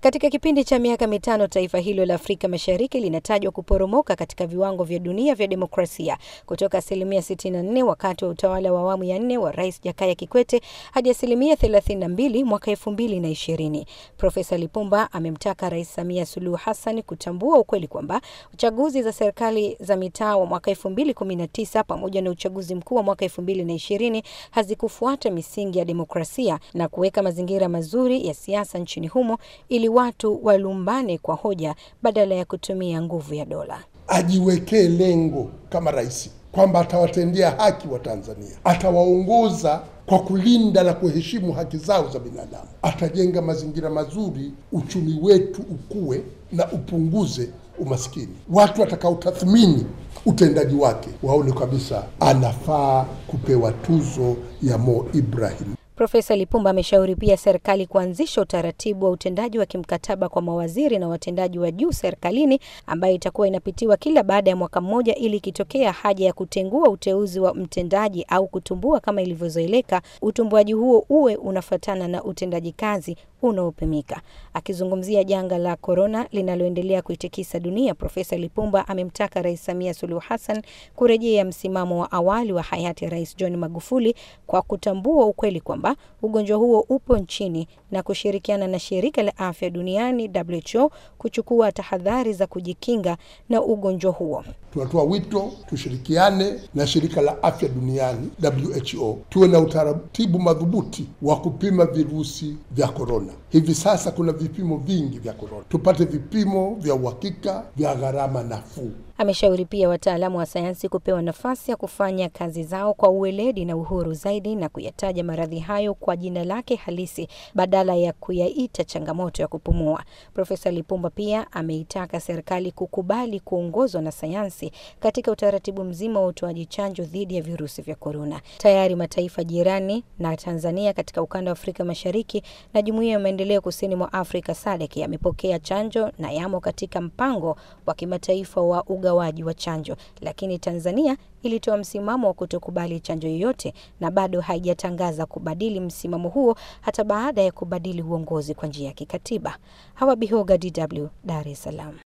Katika kipindi cha miaka mitano taifa hilo la Afrika Mashariki linatajwa kuporomoka katika viwango vya dunia vya demokrasia kutoka asilimia 64 wakati wa utawala wa awamu ya nne wa Rais Jakaya Kikwete hadi asilimia 32 mwaka 2020. Profesa Lipumba amemtaka Rais Samia Suluhu Hassan kutambua ukweli kwamba uchaguzi za serikali za mitaa wa mwaka 2019 pamoja na uchaguzi mkuu wa mwaka 2020 hazikufuata misingi ya demokrasia na kuweka mazingira mazuri ya siasa nchini humo ili watu walumbane kwa hoja badala ya kutumia nguvu ya dola. Ajiwekee lengo kama rais kwamba atawatendea haki wa Tanzania, atawaongoza kwa kulinda na kuheshimu haki zao za binadamu, atajenga mazingira mazuri, uchumi wetu ukue na upunguze umaskini. Watu watakaotathmini utendaji wake waone kabisa anafaa kupewa tuzo ya Mo Ibrahim. Profesa Lipumba ameshauri pia serikali kuanzisha utaratibu wa utendaji wa kimkataba kwa mawaziri na watendaji wa juu serikalini ambayo itakuwa inapitiwa kila baada ya mwaka mmoja ili ikitokea haja ya kutengua uteuzi wa mtendaji au kutumbua kama ilivyozoeleka, utumbuaji huo uwe unafuatana na utendaji kazi unaopimika. Akizungumzia janga la korona linaloendelea kuitikisa dunia, Profesa Lipumba amemtaka Rais Samia Suluhu Hassan kurejea msimamo wa awali wa hayati Rais John Magufuli kwa kutambua ukweli kwamba ugonjwa huo upo nchini na kushirikiana na Shirika la Afya Duniani WHO kuchukua tahadhari za kujikinga na ugonjwa huo. Tunatoa wito tushirikiane na Shirika la Afya Duniani WHO, tuwe na utaratibu madhubuti wa kupima virusi vya korona corona. Hivi sasa kuna vipimo vingi vya korona, tupate vipimo vya uhakika vya gharama nafuu. Ameshauri pia wataalamu wa sayansi kupewa nafasi ya kufanya kazi zao kwa uweledi na uhuru zaidi na kuyataja maradhi hayo kwa jina lake halisi badala ya kuyaita changamoto ya kupumua. Profesa Lipumba pia ameitaka serikali kukubali kuongozwa na sayansi katika utaratibu mzima wa utoaji chanjo dhidi ya virusi vya korona. Tayari mataifa jirani na Tanzania katika ukanda wa Afrika Mashariki na Jumuiya ya Maendeleo Kusini mwa Afrika SADC yamepokea chanjo na yamo katika mpango wa kimataifa wa uga ugawaji wa chanjo, lakini Tanzania ilitoa msimamo wa kutokubali chanjo yoyote na bado haijatangaza kubadili msimamo huo hata baada ya kubadili uongozi kwa njia ya kikatiba. Hawa Bihoga, DW, Dar es Salaam.